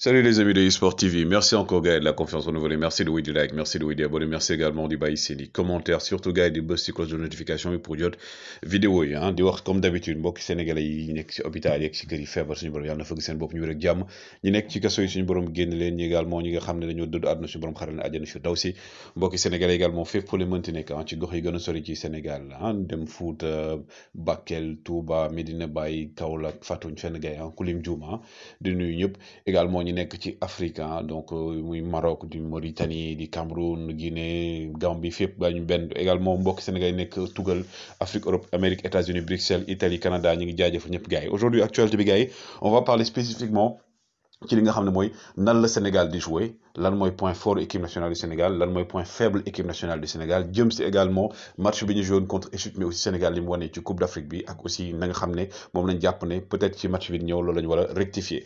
Salut les amis de eSport TV, merci encore Gaël de la confiance renouvelée, merci de oui du like, merci de oui du abonné, merci également du bail commentaires, surtout Gaël hein. di bës ci de notification bi pour jot vidéo hein. ah di comme d'habitude mbokki sénégalais yi nekk ci hôpital yeeg ci kër yi feebar suñu borom yàlla na fëgg seen bopp ñu wér ak jàmm ñi nekk ci kaso yi suñu borom génn leen ñi également ñi nga xam ne dañoo dëdd àdduna suñu borom xaral ne àjjana si daw si mbokki sénégalais également fépp pour leen mënti nekk ah ci gox yi gën sori ci Sénégal ah dem Fouta Bakel Touba Medina Baye Kaolack fàttuñ fenn Gaël ah ku lim ah, di nuyu ñëpp également Africa, Afrique ah, donc euh, muy Maroc du Mauritanie du Cameroun Guinée Gambie fépp Banyu, également mbokk Sénégal Nek, nekk Afrique Europe Amérique États-Unis Bruxelles Italie Canada ñi ngi jaajëfal aujourd'hui actuel de gars on va parler spécifiquement ci li nga xam moy nan Sénégal di jouer point fort équipe nationale du Sénégal lan point faible équipe nationale du Sénégal jëm également match joué contre Égypte mais aussi Sénégal coupe d'Afrique. aussi nga peut être ci match rectifier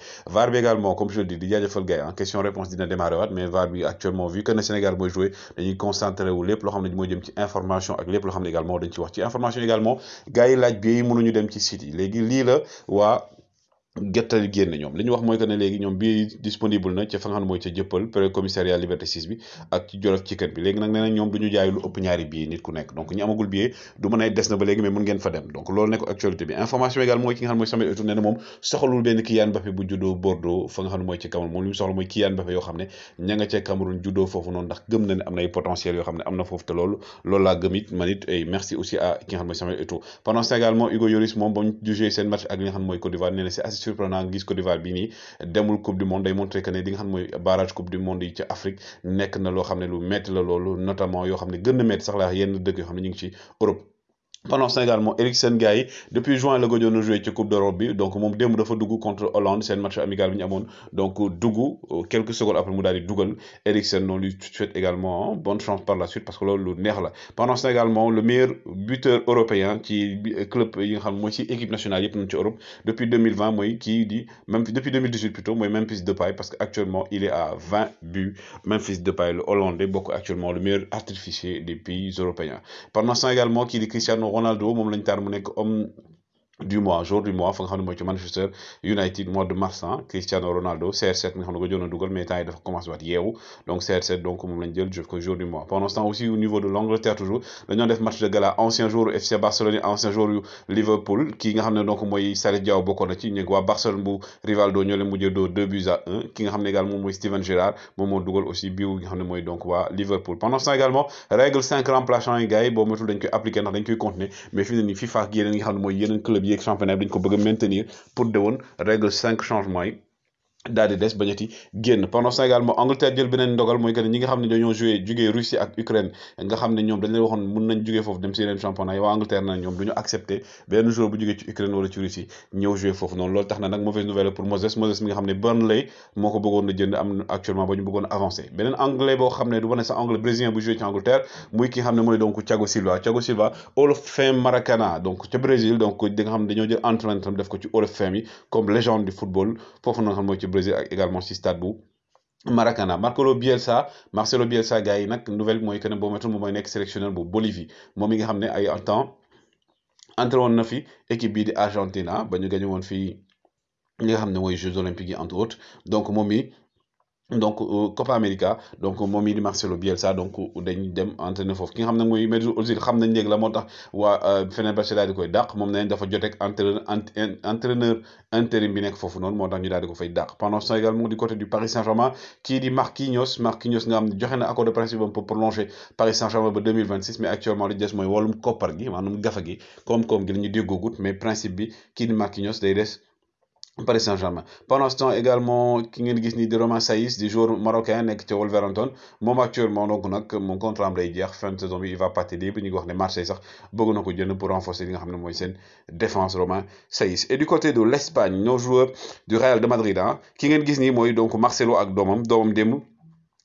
également comme je dis en hein. question réponse dina démarré mais VAR actuellement vu que le Sénégal dañuy wu ci information ak également dañ ci wax ci information également laaj bi dem ci jottali génn ñoom li ñu wax mooy que ne léegi ñoom bii disponible na ca fa xam mooy ca jëppal pré commissariat liberté 6 bi ak jolof ci bi léegi nag nee na ñoom du ñu jaay lu ba léegi bu juddoo Bordeaux fa xam mooy ci Cameroun moom li soxla mooy Kylian Mbappé yoo xam ne ña ca Cameroun juddoo foofu noonu ndax gëm na ne am na potentiel yoo xam ne am na foofu te loolu loolu laa gëm merci aussi à ki xam mooy Samuel Eto'o pendant ce surprenant gis Côte d'Ivoire bii nii demul coupe du monde day montré que ne di nga xam mooy barrage coupe du monde yi ci Afrique nekk na loo xam ne lu métti la loolu notamment yoo xam ne gën na métti sax la yenn dëkk yoo xam ne ñu ngi ci Europe pendant ça également Eriksen depuis juin le gëjoon a joué ci coupe d'Europe donc mon démb dafa Dugu contre Hollande C'est un match amical bien donc Dugu euh, quelques secondes après Moudari daal di dugal Eriksen lui également hein. bonne chance par la suite parce que là Le nerf là pendant ça également le meilleur buteur européen Qui euh, club yi équipe nationale pour notre Europe depuis 2020 Moi qui di même depuis 2018 plutôt fils Memphis Depay parce qu'actuellement il est à 20 buts Même Memphis Depay le Hollandais Beaucoup actuellement le meilleur artificier des pays européens pendant Sénégal également di Cristiano Ronaldo moom lañ taar mu nekk homme du mois jour du mois fa nga xam ne mooy ci Manchester United mois de mars hein, Cristiano Ronaldo CR7 nga xam ne ko joon a dugal mais temps yi dafa commencé waat yeewu donc CR7 donc moom lañ jël jël ko jour du mois pendant ce temps aussi au niveau de l'Angleterre toujours dañoo def match de gala ancien joueur FC Barcelone ancien joueur Liverpool ki nga xam ne donc mooy Salif Diao bokkoon na ci ñu waa Barcelone bu Rivaldo ñoo leen mujjee doo deux buts à un ki nga xam ne également mooy Steven Gerrard moom moo dugal aussi biu nga xam ne mooy donc waa Liverpool pendant ce temps également règle cinq remplaçants yi gars yi boo matul dañ koy appliquer ndax dañ koy continuer mais fi mu ne nii FIFA ak yeneen nga xam ne mooy yeneen club yi qui sont Champions bi ñu ko maintenir pour de won règle 5 changements daal di des bañati génn pendant Sénégal temps Angleterre jël beneen ndogal mooy que ñi nga xam ne dañoo joué jugee Russie ak Ukraine nga xam ne ñoom dañ leen waxoon mun nañ jugee foofu dem si yeneen championnat yi waa Angleterre na ñoom duñu ñu accepté benn joueur bu jugee ci Ukraine wala ci Russie ñëw joué foofu noonu loolu tax na nag mauvaise nouvelle pour Moses Moses mi nga xam ne Burnley moo ko bëggoon na jënd am actuellement ba ñu bëggoon avancé beneen anglais boo xam ne du ma ne sax anglais brésilien bu joué ci Angleterre muy ki nga xam ne mooy donc Thiago Silva Thiago Silva Hall of Fame Maracana donc ca Brésil donc di nga xam ne dañoo jël entraîneur def ko ci Hall of yi comme légende du football foofu nga xam ne Brésil également si stade bu Maracana Marcelo Bielsa Marcelo Bielsa gars yi nouvelle moyenne que ne boo méttul moom sélectionneur bu Bolivie momi mi nga xamné ay temps entré na fi équipe bi di Argentina bañu gagné une woon li nga Jeux olympiques entre autres donc momi donc euh, Copa America donc euh, momi di Marcelo Bielsa donc euh, dañ dem entraîneur fofu ki nga xam moy mooy Mesut Özil xam nañ la motax wa waa Fenerbahçe di koy dàq mom nañ dafa jot ak entraîneur entraîneur intérim bi nek fofu non motax ñu dal di fay pendant ce temps également du côté du Paris Saint-Germain qui di Marquinhos Marquinhos nga am ne joxe na accord de principe pour prolonger Paris Saint-Germain pour 2026 mais actuellement li des moy wàllum koppar gi manum gafa gi comme Comme gi la ñu déggoogut mais principe bi ki di Marquinhos day des Paris Saint-Germain pendant ce temps également ki ngeen gis ni Romain Saïs Des joueurs marocains Avec ci Wolverhampton Mon actuellement donc que mon contrat am lay jeex fin de saison il va partir libre ñu ngi wax ne Marseille sax bëgg na pour renforcer La nga défense Romain Saïs et du côté de l'Espagne nos joueurs du Real de Madrid hein, ki ngeen gis donc Marcelo ak Dom Demou.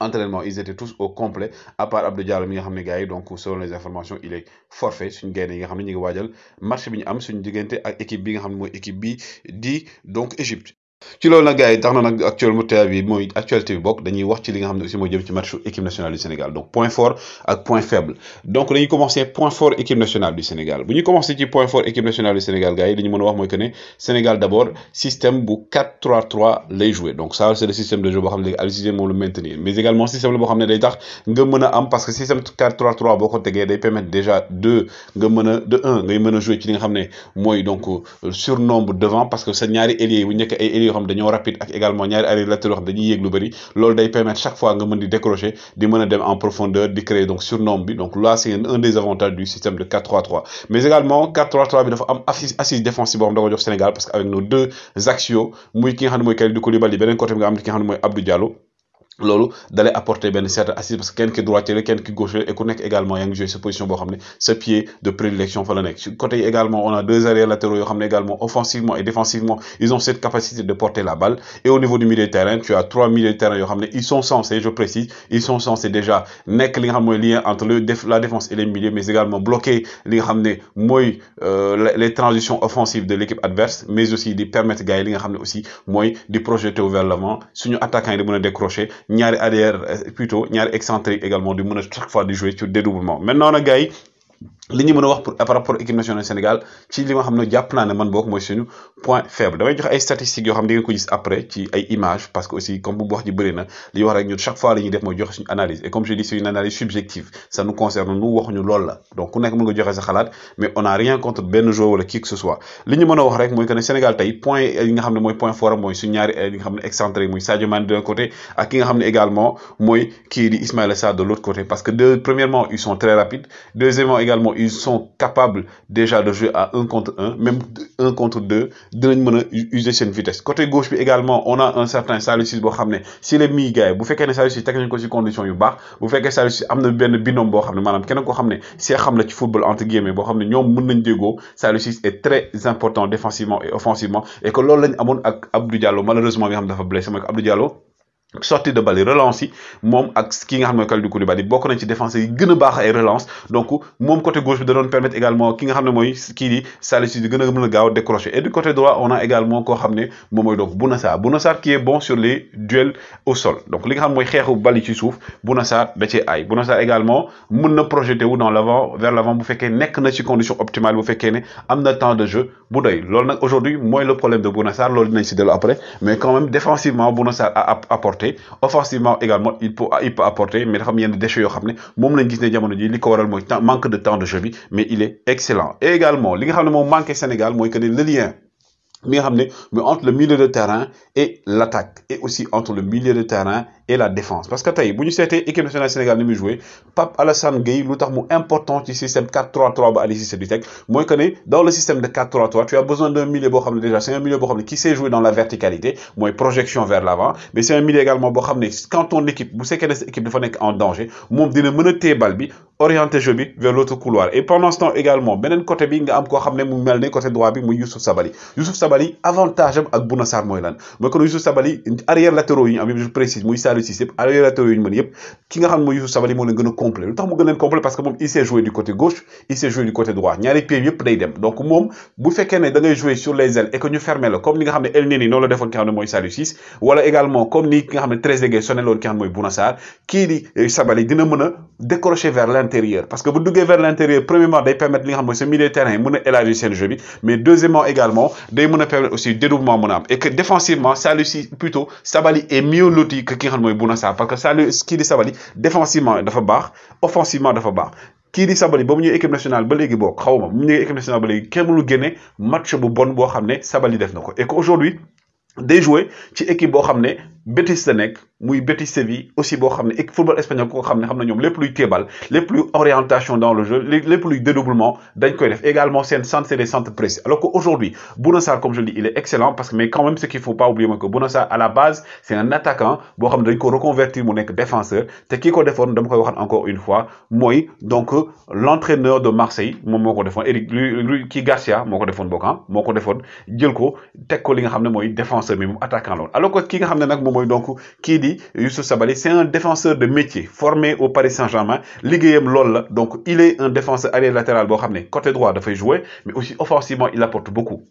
entraînement ils étaient tous au complet à part Abdou Diallo mi donc selon les informations il est forfait nga équipe équipe di donc Égypte ci loolu nag gaay tax na nag actuellement tey bi actualité bi bok dañuy wax ci li nga xam aussi moy jëm ci match équipe nationale du Sénégal donc point fort ak point faible donc dañuy commencer point fort équipe nationale du Sénégal buñu commencer ci point fort équipe nationale du Sénégal gaay yi li ñu wax moy que né Sénégal d'abord système bu 4-3-3 lay jouer donc ça c'est le système de jeu bo xam ne léegi Aliou Cissé maintenir mais également système la boo xam day tax nga mëna am parce que système 4-3-3 boko ko day permettre déjà de nga mëna de un ngay mëna jouer ci li nga xam moy donc euh, surnombre devant parce que sa ñaari ailier bu ñëk ay ailier xam dañoo rapide ak également ñaari arrière latéraux wax dañuy yéeg lu bëri loolu day permettre chaque fois nga mën di décrocher di mën a dem en profondeur di créer donc surnom bi donc là c'est un des avantages du système de 4-3-3 mais également 4-3-3 bi dafa am assise assise défensive boo xam da jox Sénégal parce que avec nos deux axiaux muy ki nga xam ne mooy Kalidou Koulibaly beneen côté bi nga am ki nga xam Abdou Diallo Lolo, d'aller apporter une certaine assise parce que qui est droitier quelqu'un qui ki gaucher et qu'on également Il y a une position pour ramener ce pied de prédilection côté également on a deux arrières latéraux ramener également offensivement et défensivement ils ont cette capacité de porter la balle et au niveau du milieu de terrain tu as trois milieux de terrain ils sont censés je précise ils sont censés déjà nek li lien entre le la défense et les milieux mais également bloquer euh, les ramener les transitions offensives de l'équipe adverse mais aussi di permettre gars de aussi moi de projeter vers l'avant nous attaquant yi décrocher ñaari arrière euh, plutôt ñaari excentrique également du mëna chaque fois de jouer ci dédoublement maintenant on gars li ñu wax pour par rapport équipe nationale Sénégal ci li nga xam japp na né man bok moy suñu point faible damay jox ay statistiques yo xam di nga ko gis après ci ay images parce que aussi comme bu wax ji bëri na li wax rek ñu chaque fois li ñu def moy jox suñu analyse et comme je dis c'est une analyse subjective ça nous concerne nous ñu lool la donc ku nekk mën nga joxe sa xalaat mais on a rien contre ben joueur wala qui que ce soit li ñu mën wax rek moy que Sénégal tay point yi nga xam moy point fort moy suñu ñaari eh, li nga xam excentré moy Sadio Mané d'un côté ak ki nga xam également moy ki di Ismaïla Sarr de l'autre côté parce que deux premièrement ils sont très rapides deuxièmement également ils sont capables déjà de jouer à 1 contre 1 même 1 contre 2 de user vitesse côté gauche également on a un certain salusis. si les mi gars vous faites que ne vous ko ci condition yu bax, Vous faites benn football entre guillemets bo xamné ñom mën nañ déggoo est très important défensivement et offensivement et que loolu lañ amone ak Abdou Diallo malheureusement bi xam dafa blessé Abdou Diallo sortie de balle relance yi moom ak ki nga xam ne Kalidou Koulibaly bokk nañ ci défenseurs yi gëna a ay relance donc moom côté gauche bi da doon permettre également ki nga xam moy ki di Salisu gëna mëna décrocher et du côté droit on a également ko amené ne moom donc qui est bon sur les duels au sol donc li nga xam moy xéxu bali ci souf Bouna Sarr da ci ay également mëna na projeté wu dans l'avant vers l'avant vous bu féké nek na ci condition optimale bu féké né am temps de jeu bu doy aujourd'hui moy le problème de bonasar Sarr dinañ ci après mais quand même défensivement bonasar a apporté apporter offensivement également il peut il peut apporter mais y a des déchets yo xamné mom moom lañ gis né jamono ji liko waral moy manque de temps de jeu mais il est excellent et également li nga xamné mom manqué Sénégal moy que ne le lien mi nga mais entre le milieu de terrain et l'attaque et aussi entre le milieu de terrain et la défense parce que tey bu ñu seetee équipe nationale Sénégal ni jouer joué Pape Alassane Gueye l'autre important ci système 4-3-3 ba Aliou Cissé dans le système de 4-3-3 tu as besoin d'un milieu bo déjà c'est un milieu bo qui sait jouer dans la verticalité mooy projection vers l'avant mais c'est un milieu également bo quand ton équipe bu sekkee ne cette équipe dafa en danger moom dina a orienter vers l'autre couloir et pendant ce temps également benen côté bi nga am koo xam mu côté droit bi Youssouf Sabali Youssouf Sabali avantage avec ak Bouna Sarr mooy Youssouf Sabali arrière latéraux je précise muy Aliou Cissé alors aléatoire yu ñu mën ki nga xam ne mooy sabali mo moo leen complet lutax mu complet parce que mom il sait jouer du côté gauche il sait jouer du côté droit ñaari pied yëpp day dem donc mom bu fekkee ne da ngay jouer sur les ailes et que ñu fermer la comme ni nga xam ne El non noonu la defoon ki xam ne mooy Saliou wala également comme ni ki nga xam ne Trezeguet sonné loolu ki xam qui mooy sabali d'une kii di euh, sabali dina mën décrocher vers l'intérieur parce que bu duggee vers l'intérieur premièrement day permettre li nga xam ne sa milieu terrain mën a élargir seen jeu bi mais deuxièmement également day mën a permettre aussi dédoublement mën a am et que défensivement Saliou plutôt sabali est mieux loti que ki nga moy bonne sa parce que Salou kii sa défensivement dafa offensivement dafa bax di équipe nationale ba légui bok bon équipe nationale ba légui kenn match bu bon bon. def et aujourd'hui équipe bon bétis la nekk muy Betis aussi boo xam football espagnol ko xam ne xam na ñoom lépp luy téebal lépp luy orientation dans le jeu lépp luy dédoublement dañ koy def également seen centre c'est des centres précis alors que aujourd'hui Bouna Sarr comme je le dis il est excellent parce que mais quand même ce qu'il faut pas oublier mooy que Bouna Sarr à la base c'est un attaquant boo xam ne dañ ko reconvertir mu nekk défenseur te kii ko defoon dama koy waxaat encore une fois mooy donc l'entraîneur de Marseille moom moo ko defoon Eric lui kii Garcia moo ko defoon bokk ah moo ko defoon jël ko teg ko li nga xam ne défenseur mais moom attaquant loolu alors que ki nga xam ne nag donc qui dit Youssouf c'est un défenseur de métier formé au Paris Saint-Germain Ligue M donc il est un défenseur arrière latéral Bon ramener côté droit fait jouer mais aussi offensivement il apporte beaucoup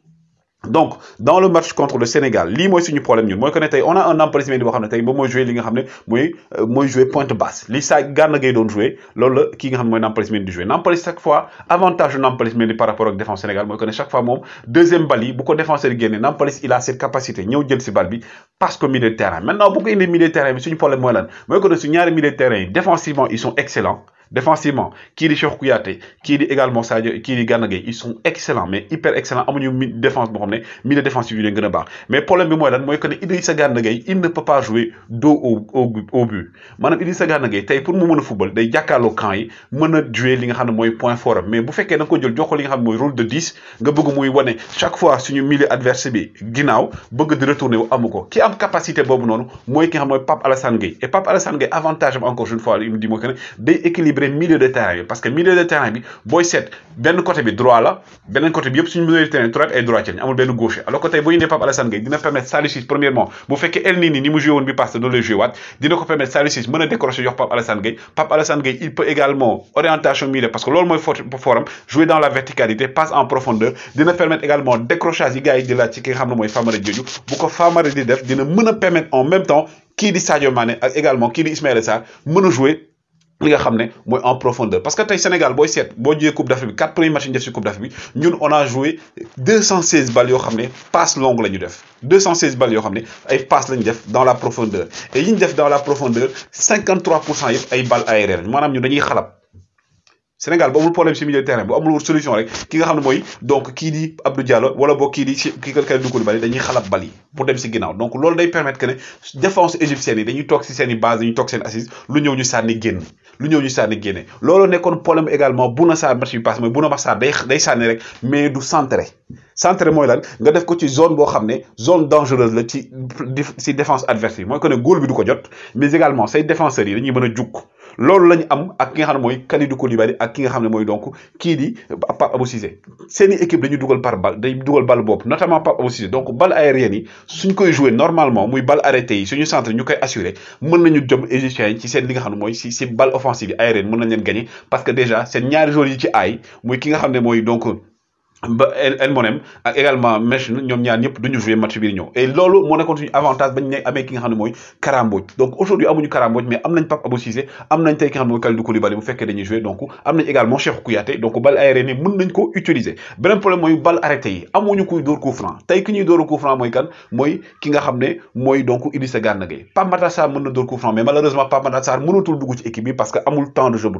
donc dans le match contre le Sénégal li moy suñu problème ñun moy que tay on a un Nampalys Mendy boo xam ne tey moom mooy joué li nga xamné moy euh, moy jouer pointe basse li sa Gana Gueye doon jouer, loolu la ki nga xamné moy mooy Nampalys di jouer Nampalys chaque fois avantage Nampalys Mendy par rapport ak défense Sénégal moy que chaque fois mom deuxième balle bu ko défenseur yi génne il a cette capacité ñeu jël ci balle bi parce que milieu de terrain maintenant bu ko indi milieu de terrain bi suñu problème moy lan moy que ne su ñaari milieu de terrain défensivement ils sont excellents défensivement Kiri di Cheikh Kouyaté également Sadio kii di ils sont excellents mais hyper excellents amuñu mi défense bo xamné milieu défensif yu leen baax mais problème bi moy lan moy que ne Idrissa Gana Gueye il ne peut pas jouer do au au but manam Idrissa Gana tay pour mu mëna football day jakkalo camp yi mëna a jouer li nga xamné moy point fort mais bu féké da jël jox ko li nga xamné ne rôle de 10 nga bëgg muy wane chaque fois suñu milieu adverse bi ginaaw bëgg di retourner wu amuko ki am capacité bobu non moy ki nga xam Pape Alassane Gueye et Pape Alassane Gueye avantage encore une fois il me di mooy que day équilibre équilibrer milieu de terrain bi parce que milieu de terrain bi booy seet benn côté bi droit la beneen côté bi yëpp suñu milieu de terrain droite ay droit ci amul benn gauche alors que tey boo indee Pape Alassane Gueye dina permettre Saliou premièrement bu fekkee El Nini ni mu joué woon bi passé do lay joué waat dina ko permettre Saliou Ciss mën a décrocher jox Pape Alassane Gueye Pape Alassane Gueye il peut également orientation milieu parce que loolu mooy forum jouer dans la verticalité passe en profondeur dina permettre également décrochage yi gars yi di laaj ci ki nga xam ne mooy Famara Diédhiou bu ko Famara di def dina mën a permettre en même temps kii di Sadio Mané ak également kii di Ismaïla Sarr mën a jouer li nga xamné moy en profondeur parce que tay Sénégal boy set bo jiyee coupe d'Afrique 4 quatre premiers matchs yi ci coupe d'Afrique bi ñun on a joué 216 balles yoo xam passe longue la def 216 balles yoo xam ay passe la def dans la profondeur et yiñ def dans la profondeur 53% trois ay balles aériennes manam maanaam ñun dañuy xalab Sénégal bo amul problème ci milieu de terrain bu amul solution rek ki nga xamné moy donc ki di Abdou Diallo wala boo ki di kii Kalidou Koulibaly dañuy xalab bal yi pour dem ci ginnaw donc loolu day permettre que ne défense égyptienne yi dañuy tok ci seen base dañuy tok seen assise lu ñëw ñu sanni génn lu ñëw ñu sànni génne loolu nekkoon problème également Bouna Sarr match bi passe mooy Bouna Sarr day day sànni rek mais du centre. Centre mooy lan nga def ko ci zone boo xam zone dangereuse le ci ci défense adverse Moi, mooy que goal bi du coup jot mais également say défenseurs yi dañuy mën a loolu lañ am ak ki nga xam ne mooy Kalidou Koulibaly ak ki nga xam ne mooy donc kii di Pape Abou Cissé seen i équipe dañuy dugal par balle dañuy dugal balle boobu notamment Pape Abou Cissé donc balle aérienne yi suñ koy jouer normalement muy balle arrêtée yi suñu centre ñu koy assurer mën nañu jom égyptien yi ci seen li nga xam ne mooy si si balle offensive yi aérienne mën nañ leen gagner parce que déjà seen ñaari joueurs yi ci aay muy ki nga xam ne mooy donc elle El Monem ak également Mech ñoom ñaar ñëpp duñu joué match bi di et loolu moo nekkoon suñu avantage ben ne amee ki nga xam ne mooy donc aujourd'hui amuñu Karamboj mais amène pas abusé. Amène Cissé am nañ tey ki nga xam ne mooy Kalidou bu dañuy donc amène également Cheikhou couillaté. donc balle aérienne mon mën nañ ko utiliser beneen problème mooy balle arrêté yi amuñu kuy dóor coup franc tey ki ñuy dóor coup franc kan moy ki nga xam donc il Gana Gueye n'agé. Pas Sarr mën na dóor mais malheureusement pas Matar Sarr mënatul dugg ci équipe bi parce que amul temps de jeu bu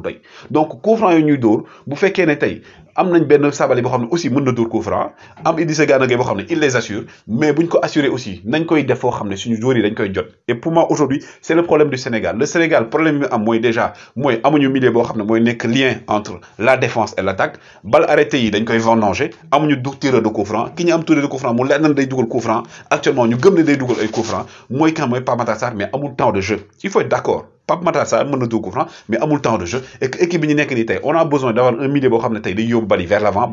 donc coup franc yooyu ñuy vous bu fekkee ne tey am nañ benn Sabaly boo xam aussi mën na dóor franc am Idrissa Gana Gueye boo il les assure mais buñ ko assurer aussi nañ koy def foo xamné suñu joueurs dañ koy jot et pour moi aujourd'hui c'est le problème du Sénégal le Sénégal problème bi am mooy déjà moy amuñu milieu bo xamné moy nek lien entre la défense et l'attaque bal arrêté yi dañ koy vendanger amuñu du tireur de coup franc ki ñu am tireur de coup franc mu lénn nan day dugal coup franc actuellement ñu gëm ne day dugal ay coup franc mooy kan moy Pape Matar mais amul temps de jeu il faut être d'accord Pape de Sarr mën na dugg coup mais amul temps de jeu et l'équipe équipe bi ñu on a besoin d'avoir un milieu de xam de bali vers l'avant,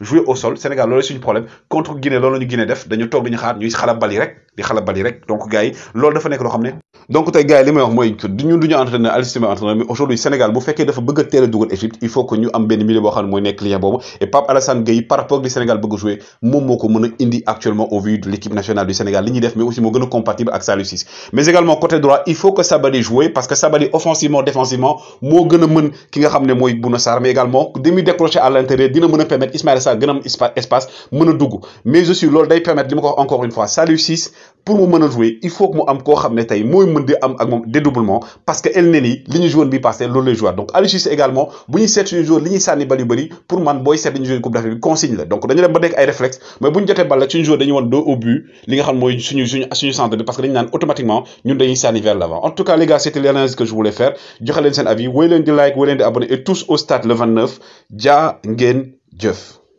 jouer au sol Sénégal c'est un problème contre Guinée loolu la Guinée def dañu on a xaar ñuy xalab bali di xala bali rek donc gars yi dafa nek lo xam donc tay gars limay wax moy que duñu du ñu entraîneur Aliou Cissé entraîneur mais aujourd'hui Sénégal bu féké dafa bëgg a teel Égypte il faut que ñu am benn milieu bo xam moy nek client bobu et Pape Alassane Gueye par rapport li Sénégal bëgg jouer mom moko mëna indi actuellement au vu de l'équipe nationale du Sénégal li ñi def mais aussi mo gëna compatible ak salu Ciss mais également côté droit il faut que sabali jouer parce que sabali offensivement défensivement mo gëna a ki nga xam moy Bouna mais également demi décroché à l'intérieur dina mëna permettre ismaël sa gëna am espace mëna dugg mais aussi loolu day permettre li encore une fois Salu Ciss pour mu mën jouer il faut que mu am ko xamné tay moy mooy mën di am ak mom dédoublement parce que el néni liñu ñu bi passé loolu lay jouer donc Aliou également buñu ñuy seet suñu joueur li ñuy bali pour man boy seet li ñu coupe d'Afrique consigne la donc dañu dem ba nekk ay réflexe mais buñu jotté balle bal une suñu joueur dañuy woon dos au but li nga xam moy suñu suñu suñu centre parce que dañu naan automatiquement ñun dañuy sanni vers l'avant en tout cas les gars c'était l'analyse que je voulais faire joxe leen seen avis woy leen di like woy leen di abonné et tous au stade le 29 ja ngeen jëf